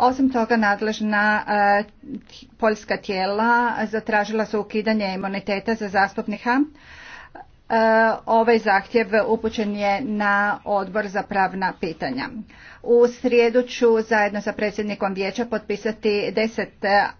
Osim toga, nadležna e, poljska tijela zatražila su ukidanje imuniteta za zastupnika. E, ovaj zahtjev upućen je na odbor za pravna pitanja. U srijedu ću zajedno sa predsjednikom vijeća potpisati deset